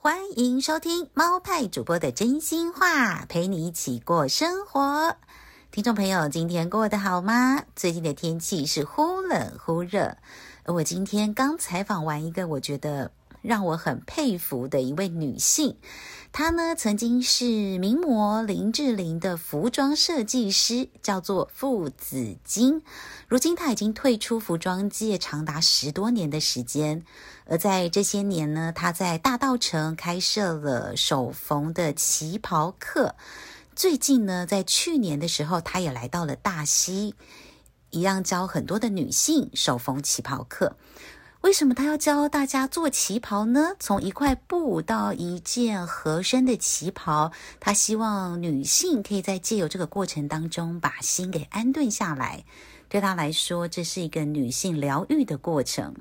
歡迎收聽貓派主播的真心話，陪你一起過生活。聽眾朋友，今天過得好嗎？最近的天氣是忽冷忽熱，而我今天剛採訪完一個，我覺得。讓我很佩服的一位女性，她呢曾經是名模林志玲的服裝設計師，叫做傅子金。如今她已經退出服裝界長達十多年的時間，而在這些年呢，她在大道城開設了手縫的旗袍課。最近呢，在去年的時候，她也來到了大溪，一樣教很多的女性手縫旗袍課。為什麼他要教大家做旗袍呢？從一塊布到一件合身的旗袍，他希望女性可以在借由這個過程當中把心給安頓下來。對他來說，這是一個女性療癒的過程。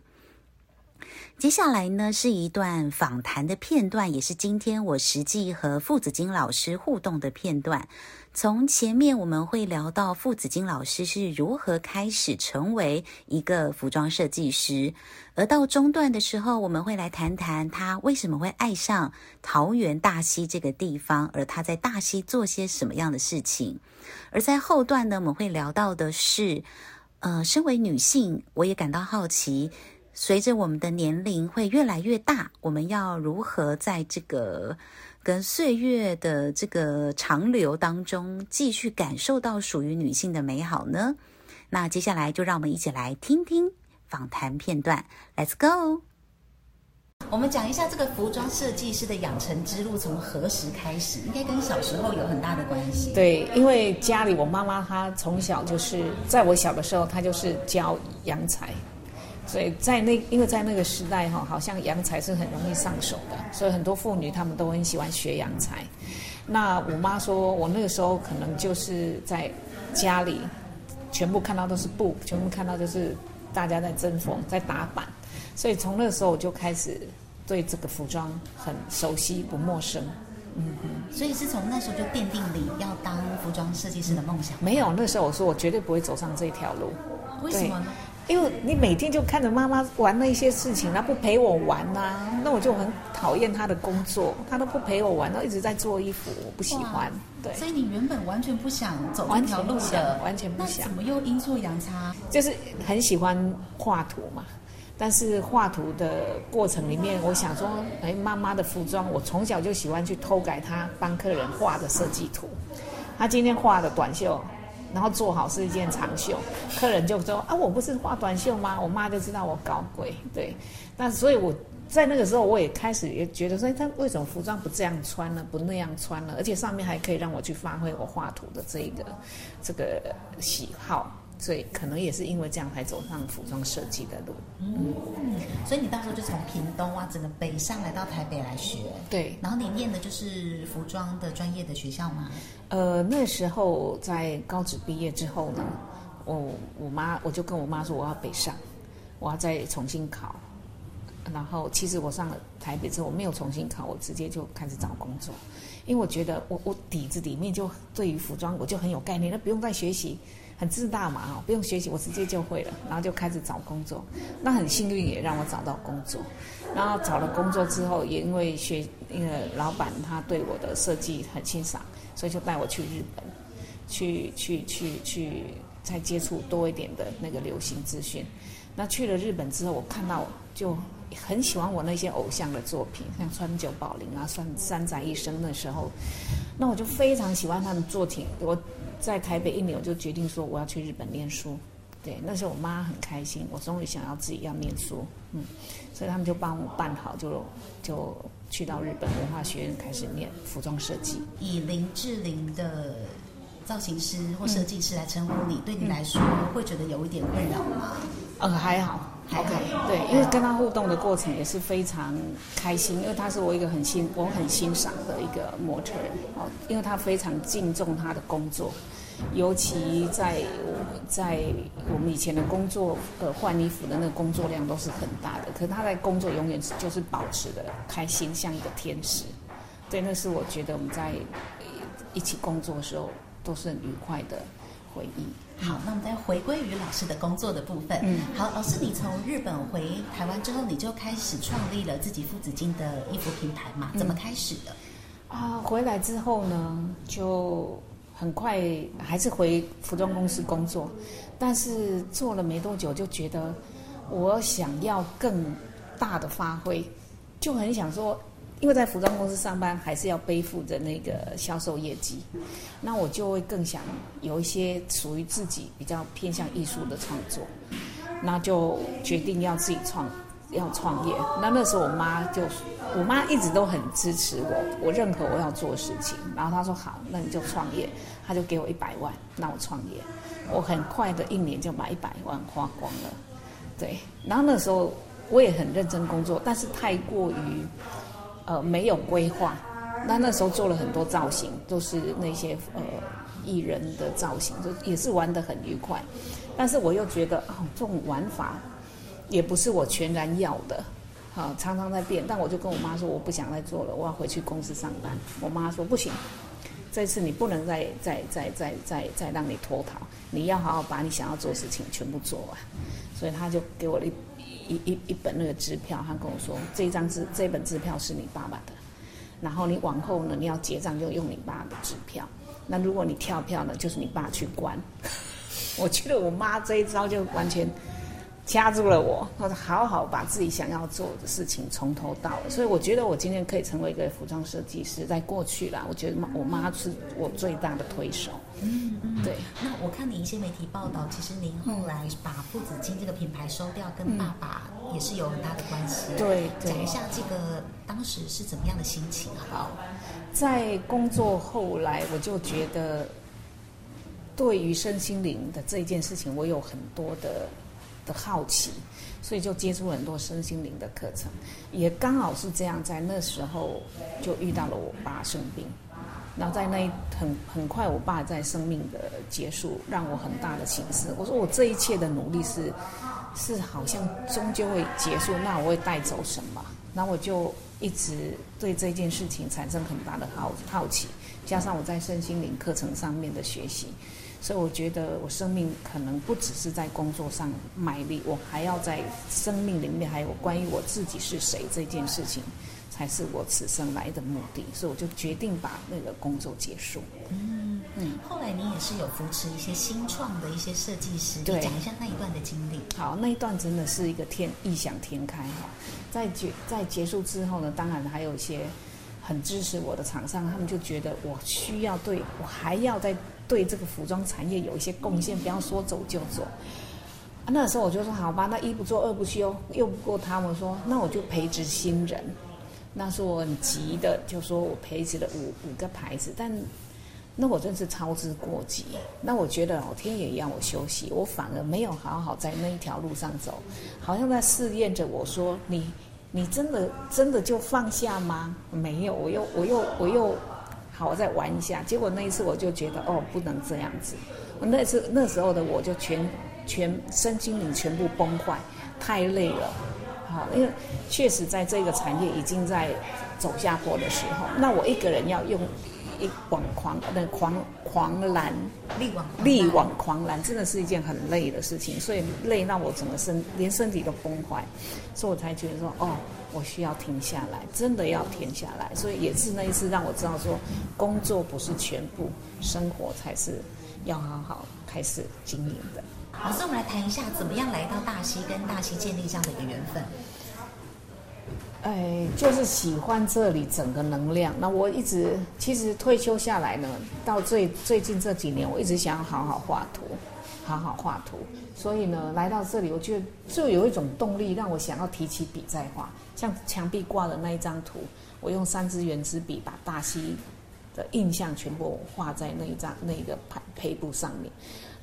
接下來呢，是一段訪談的片段，也是今天我實際和傅子菁老師互動的片段。從前面我們會聊到傅子菁老師是如何開始成為一個服裝設計師，而到中段的時候，我們會來談談她為什麼會愛上桃園大溪這個地方，而她在大溪做些什麼樣的事情。而在後段呢，我們會聊到的是，呃，身為女性，我也感到好奇，隨着我們的年齡會越來越大，我們要如何在這個。跟歲月的這個長流當中，繼續感受到屬於女性的美好呢？那接下來就讓我們一起來聽聽訪談片段。Let's go！我們講一下這個服裝設計師的養成之路從何時開始？應該跟小時候有很大的關係。對，因為家裡我媽媽她從小就是在我小的時候，她就是教洋裁。所以在那，因為在那個時代哈，好像洋裁是很容易上手的，所以很多婦女她們都很喜歡學洋裁。那我媽說，我那個時候可能就是在家裡，全部看到都是布，全部看到就是大家在針縫、在打板，所以從那時候我就開始對這個服裝很熟悉、不陌生。嗯哼，所以是從那時候就奠定你要當服裝設計師的夢想。沒有，那時候我說我絕對不會走上這條路。為什麼呢？因為你每天就看着媽媽玩那些事情，然後不陪我玩吶、啊，那我就很討厭她的工作，她都不陪我玩，然後一直在做衣服，我不喜歡。對。所以你原本完全不想走這條路的，、啊，完全不想。那怎麼又陰錯陽差？就是很喜歡畫圖嘛，但是畫圖的過程裡面，我想說，哎，媽媽的服裝，我從小就喜歡去偷改她幫客人畫的設計圖，她今天畫的短袖。然後做好是一件長袖，客人就說啊，我不是畫短袖嗎？我媽就知道我搞鬼，對。但所以我在那個時候，我也開始也覺得說，他為什麼服裝不這樣穿呢？不那樣穿呢？而且上面還可以讓我去發揮我畫圖的這個這個喜好。所以可能也是因為這樣，才走上服裝設計的路。嗯，嗯，所以你到時候就從屏東啊，整個北上來到台北來學。對。然後你念的就是服裝的專業的學校嗎？呃，那時候在高職畢業之後呢，嗯，我我媽我就跟我媽說我要北上，我要再重新考。然後其實我上了台北之後，我沒有重新考，我直接就開始找工作，因為我覺得我我底子裡面就對於服裝我就很有概念，那不用再學習。很自大嘛，不用學習，我直接就會了，然後就開始找工作。那很幸運，也讓我找到工作。然後找了工作之後，也因為學那個老闆他對我的設計很欣賞，所以就帶我去日本，去去去去再接觸多一點的那個流行資訊。那去了日本之後，我看到我就很喜歡我那些偶像的作品，像川久保玲啊、三宅一生的時候，那我就非常喜歡他的作品。我。在台北一年，我就決定說我要去日本念書。對，那時候我媽很開心，我終於想要自己要念書，嗯，所以他們就幫我辦好，就就去到日本文化學院開始念服裝設計。以林志玲的造型師或設計師來稱呼你，嗯、對你來說，嗯、會覺得有一點困擾嗎？呃、嗯，還好。好看，對，因為跟他互動的過程也是非常開心，因為他是我一個很欣我很欣賞的一個模特兒哦，因為他非常敬重他的工作，尤其在在我們以前的工作呃，換衣服的那個工作量都是很大的，可是，他在工作永遠是就是保持的開心，像一個天使，對，那是我覺得我們在一起工作的時候都是很愉快的回憶。好，那我們再回歸於老師的工作的部分。嗯，好，老師，你從日本回台灣之後，你就開始創立了自己傅子菁的衣服品牌嘛？怎麼開始的？啊、嗯呃，回來之後呢，就很快還是回服裝公司工作，但是做了沒多久就覺得我想要更大的發揮，就很想說。因為在服裝公司上班，還是要背負着那個銷售業績，那我就會更想有一些屬於自己比較偏向藝術的創作，那就決定要自己創，要創業。那那時候我媽就，我媽一直都很支持我，我認可我要做的事情。然後她說：“好，那你就創業。”她就給我一百萬，那我創業，我很快的一年就把一百萬花光了。對，然後那時候我也很認真工作，但是太過於。呃，沒有規劃，那那時候做了很多造型，都、就是那些呃藝人的造型，就也是玩得很愉快。但是我又覺得哦，這種玩法，也不是我全然要的，啊，常常在變。但我就跟我媽說，我不想再做了，我要回去公司上班。我媽說不行，這次你不能再、再、再、再、再、再讓你脫逃，你要好好把你想要做的事情全部做完、啊。所以她就給我了一。一一一本那個支票，他跟我說，這一張支這本支票是你爸爸的，然後你往後呢，你要結賬就用你爸的支票，那如果你跳票呢，就是你爸去關。 我覺得我媽這一招就完全。掐住了我，他說：“好好把自己想要做的事情從頭到尾。”所以我覺得我今天可以成為一個服裝設計師。在過去啦，我覺得媽，我媽是我最大的推手。嗯嗯，嗯對。那我看您一些媒體報道，嗯、其實您後來把傅子菁這個品牌收掉，跟爸爸也是有很大的關係。對、嗯，講一下這個當時是怎麼樣的心情好不好？在工作後來，我就覺得對於身心靈的這一件事情，我有很多的。的好奇，所以就接觸很多身心靈的課程，也剛好是這樣，在那時候就遇到了我爸生病，然後在那很很快，我爸在生命的結束，讓我很大的省思。我說我這一切的努力是，是好像終究會結束，那我會帶走什麼？那我就一直對這件事情產生很大的好好奇，加上我在身心靈課程上面的學習。所以我覺得，我生命可能不只是在工作上賣力，我還要在生命裡面還有關於我自己是誰這件事情，才是我此生來的目的。所以我就決定把那個工作結束。嗯嗯。嗯，後來你也是有扶持一些新創的一些設計師，對，講一下那一段的經歷。好，那一段真的是一個天異想天開哈。在結在結束之後呢，當然還有一些很支持我的廠商，他們就覺得我需要對我還要在。對這個服裝產業有一些貢獻，不要說走就走。那時候我就說好吧，那一不做二不休，拗不過他們，說那我就培植新人。那時候我很急的，就說我培植了五五個牌子，但那我真是操之過急。那我覺得老天爺也讓我休息，我反而沒有好好在那一條路上走，好像在試驗着我說，你你真的真的就放下嗎？沒有，我又我又我又。我又好，我再玩一下。結果那一次我就覺得，哦，不能這樣子。我那次那時候的我就全全身心靈全部崩壞，太累了。好，因為確實在這個產業已經在走下坡的時候，那我一個人要用。一往狂，狂，那狂狂瀾，力往力挽狂瀾，真的是一件很累的事情，所以累，讓我整個身連身體都崩壞，所以我才覺得說，哦，我需要停下來，真的要停下來。所以也是那一次讓我知道說，工作不是全部，生活才是要好好開始經營的。好，老師，我們來談一下，怎麼樣來到大溪，跟大溪建立這樣的一個緣分？哎，就是喜歡這裡整個能量。那我一直其實退休下來呢，到最最近這幾年，我一直想要好好畫圖，好好畫圖。所以呢，來到這裡，我就就有一種動力，讓我想要提起筆再畫。像牆壁掛的那一張圖，我用三支原子筆把大溪的印象全部畫在那一張那一個拍配布上面。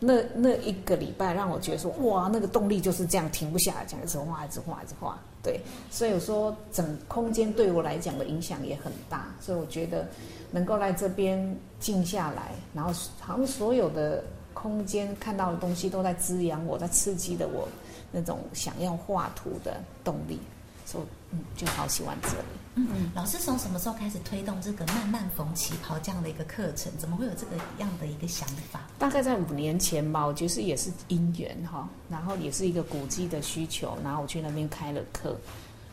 那那一個禮拜讓我覺得說，哇，那個動力就是這樣停不下來，講一直畫一直畫一直畫，對。所以我說，整空間對我來講的影響也很大。所以我覺得，能夠來這邊靜下來，然後好像所有的空間看到的東西都在滋養我，在刺激的我那種想要畫圖的動力。就、so, 嗯、就好喜歡這裡。嗯嗯，嗯老師從什麼時候開始推動這個慢慢縫旗袍這樣的一個課程？怎麼會有這個樣的一個想法？大概在五年前吧，我覺得也是因緣哈，然後也是一個古蹟的需求，然後我去那邊開了課，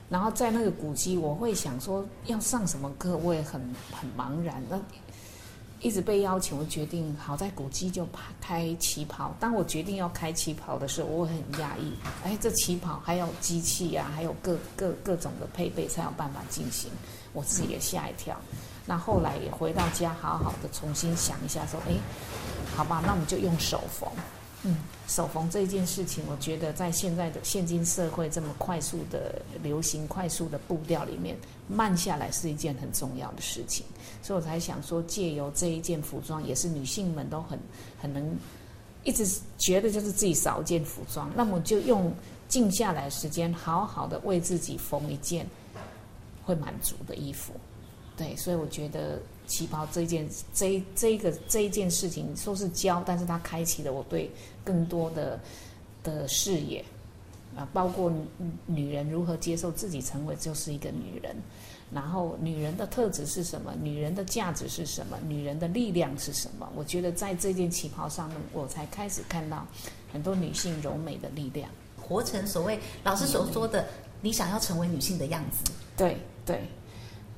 然後在那個古蹟，我會想說要上什麼課，我也很很茫然。那一直被邀請我決定，好在古蹟就開旗袍。當我決定要開旗袍的時候，我很訝異。哎、欸，這旗袍還有機器啊，還有各各各種的配備才有辦法進行。我自己也嚇一跳。嗯、那後來也回到家，好好的重新想一下，說，哎、欸，好吧，那我們就用手縫。嗯，手縫這件事情，我覺得在現在的現今社會這麼快速的流行、快速的步調裡面，慢下來是一件很重要的事情。所以我才想說，借由這一件服裝，也是女性們都很很能一直覺得就是自己少一件服裝，那麼就用靜下來時間，好好的為自己縫一件會滿足的衣服。對，所以我覺得。旗袍這件、這、這個、這件事情，說是教，但是它開啟了我對更多的的視野啊，包括女、女人如何接受自己，成為就是一個女人。然後，女人的特質是什麼？女人的價值是什麼？女人的力量是什麼？我覺得在這件旗袍上面，我才開始看到很多女性柔美的力量，活成所謂老師所說的、嗯、你想要成為女性的樣子。對對。對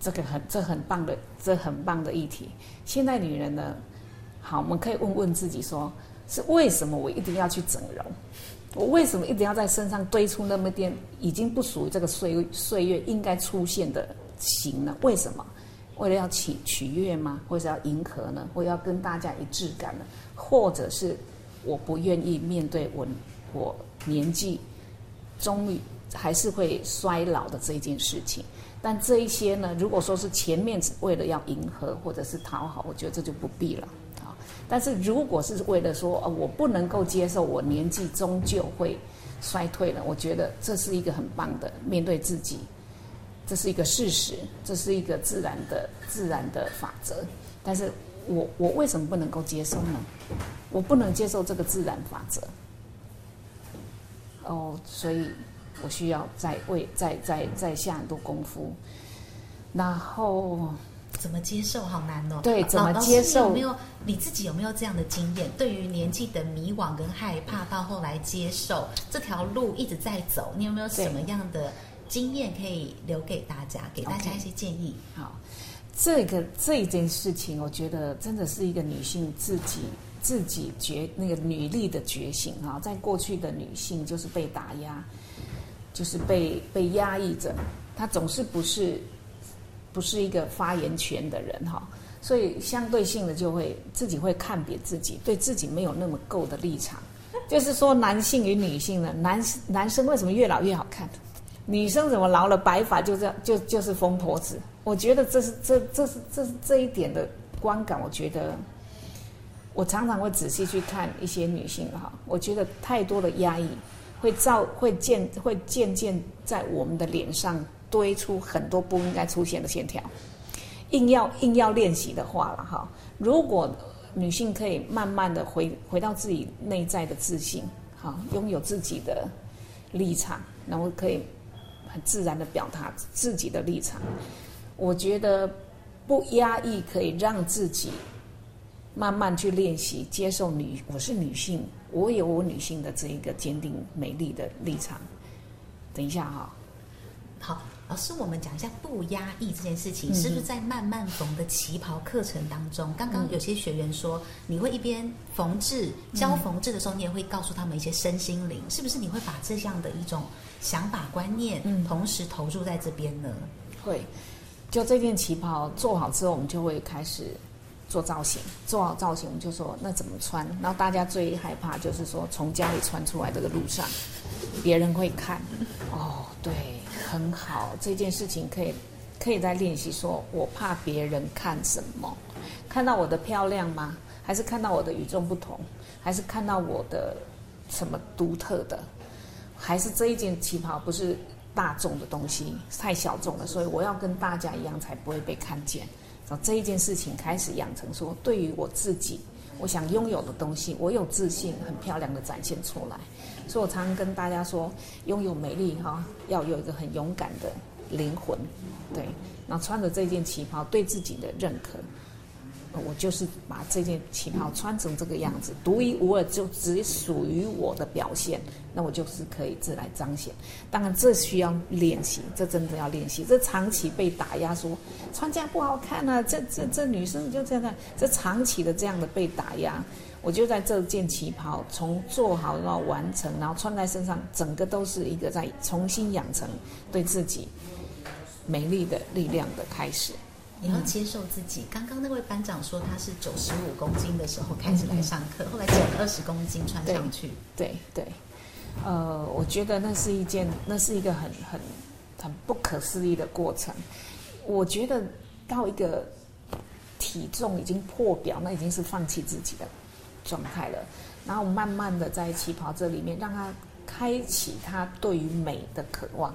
這個很這很棒的這很棒的議題。現在女人呢，好，我們可以問問自己說，說是為什麼我一定要去整容？我為什麼一定要在身上堆出那麼點已經不屬於這個歲歲月應該出現的形呢？為什麼？為了要取取悅嗎？或者要迎合呢？或者要跟大家一致感呢？或者是我不願意面對我我年紀終於還是會衰老的這一件事情。但這一些呢，如果說是前面只為了要迎合或者是討好，我覺得這就不必了，啊。但是如果是為了說，呃，我不能夠接受，我年紀終究會衰退了，我覺得這是一個很棒的面對自己，這是一個事實，這是一個自然的自然的法則。但是我我為什麼不能夠接受呢？我不能接受這個自然法則。哦，所以。我需要再為再再再下很多功夫，然後，怎麼接受？好難哦。對，怎麼接受？老老有沒有，你自己有沒有這樣的經驗？對於年紀的迷惘跟害怕，到後來接受這條路一直在走，你有沒有什麼樣的經驗可以留給大家？對給大家一些建議。Okay. 好，這個這一件事情，我覺得真的是一個女性自己自己覺那個女力的覺醒啊，在過去的女性就是被打壓。就是被被壓抑着，他總是不是不是一個發言權的人哈，所以相對性的就會自己會看扁自己，對自己沒有那麼夠的立場。就是說，男性與女性呢，男男生為什麼越老越好看？女生怎麼老了白髮就這樣，就就是瘋婆子？我覺得這是這這是這這一點的觀感。我覺得我常常會仔細去看一些女性哈，我覺得太多的壓抑。會造會漸會漸漸在我們的臉上堆出很多不應該出現的線條，硬要硬要練習的話了哈。如果女性可以慢慢的回回到自己內在的自信，哈，擁有自己的立場，然後可以很自然的表達自己的立場，我覺得不壓抑可以讓自己。慢慢去練習，接受女，我是女性，我有我女性的這一個堅定美麗的立場。等一下哈、哦，好，老師，我們講一下不壓抑這件事情，嗯、哼是不是在慢慢縫的旗袍課程當中？嗯、剛剛有些學員說，你會一邊縫製教縫製的時候，嗯、你也會告訴他們一些身心靈，是不是？你會把這樣的一種想法觀念，同時投入在這邊呢？會、嗯嗯，就這件旗袍做好之後，我們就會開始。做造型，做好造型，我們就說那怎麼穿？然後大家最害怕就是說從家裡穿出來這個路上，別人會看。哦，對，很好，這件事情可以，可以再練習。說我怕別人看什麼？看到我的漂亮嗎？還是看到我的與眾不同？還是看到我的什麼獨特的？還是這一件旗袍不是大眾的東西，太小眾了，所以我要跟大家一樣，才不會被看見。這一件事情開始養成，說對於我自己，我想擁有的東西，我有自信，很漂亮的展現出來。所以我常常跟大家說，擁有美麗哈，要有一個很勇敢的靈魂，對。然後穿着這件旗袍，對自己的認可。我就是把這件旗袍穿成這個樣子，獨一無二，就只屬於我的表現。那我就是可以自來彰顯。當然，這需要練習，這真的要練習。這長期被打壓，說穿這樣不好看啊！這這這女生就這樣，這樣，這長期的這樣的被打壓，我就在這件旗袍從做好到完成，然後穿在身上，整個都是一個在重新養成對自己美麗的力量的開始。你要接受自己。剛剛那位班長說他是九十五公斤的時候開始來上課，嗯、後來減了二十公斤穿上去。對對，對，呃，我覺得那是一件，那是一個很很很不可思議的過程。我覺得到一個體重已經破表，那已經是放棄自己的狀態了。然後慢慢的在旗袍這裡面，讓他開啟他對於美的渴望。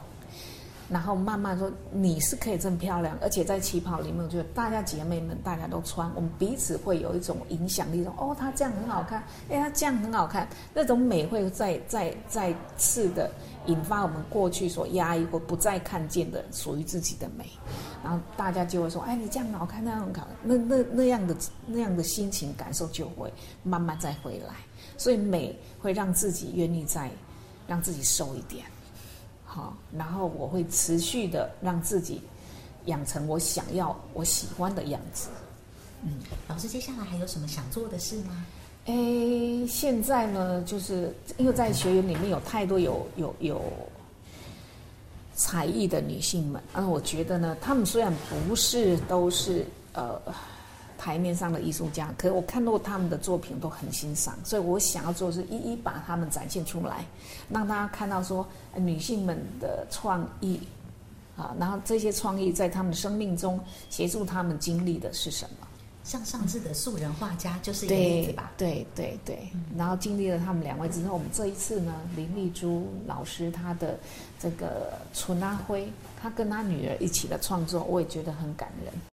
然後慢慢說，你是可以這麼漂亮，而且在旗袍裡面，我覺得大家姐妹們，大家都穿，我們彼此會有一種影響力，說哦，她這樣很好看，哎，她這樣很好看，那種美會再再再次的引發我們過去所壓抑或不再看見的屬於自己的美，然後大家就會說，哎，你這樣好看，那樣好看，那那那樣的那樣的心情感受就會慢慢再回來，所以美會讓自己願意再讓自己瘦一點。然後我會持續的讓自己養成我想要、我喜歡的樣子。嗯，老師，接下來還有什麼想做的事嗎？誒，現在呢，就是因為在學員裡面有太多有有有，有才藝的女性們，嗯，我覺得呢，她們雖然不是都是呃。台面上的藝術家，可是我看到他們的作品都很欣賞，所以我想要做的是一一把他們展現出來，讓大家看到說、呃、女性們的創意，啊，然後這些創意在他們生命中協助他們經歷的是什麼？像上次的素人畫家就是一個例子吧？對對對，然後經歷了他們兩位之後，嗯、我們這一次呢，林麗珠老師她的這個楚阿輝，她跟她女兒一起的創作，我也覺得很感人。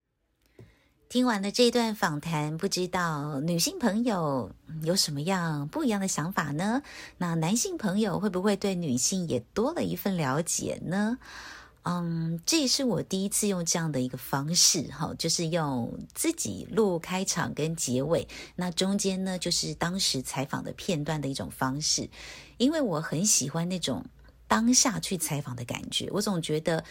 聽完了這段訪談，不知道女性朋友有什麼樣不一樣的想法呢？那男性朋友會不會對女性也多了一份了解呢？嗯，這也是我第一次用這樣的一個方式，哈，就是用自己錄開場跟結尾，那中間呢，就是當時採訪的片段的一種方式，因為我很喜歡那種當下去採訪的感覺，我總覺得。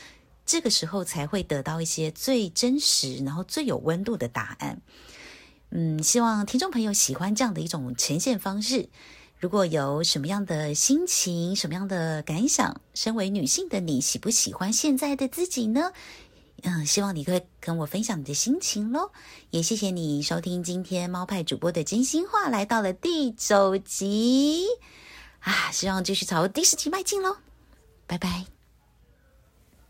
這個時候才會得到一些最真實，然後最有溫度的答案。嗯，希望聽眾朋友喜歡這樣的一種呈現方式。如果有什麼樣的心情，什麼樣的感想，身為女性的你喜不喜歡現在的自己呢？嗯，希望你可以跟我分享你的心情嘍。也謝謝你收聽今天貓派主播的真心話，來到了第九集啊，希望繼續朝第十集邁進嘍。拜拜。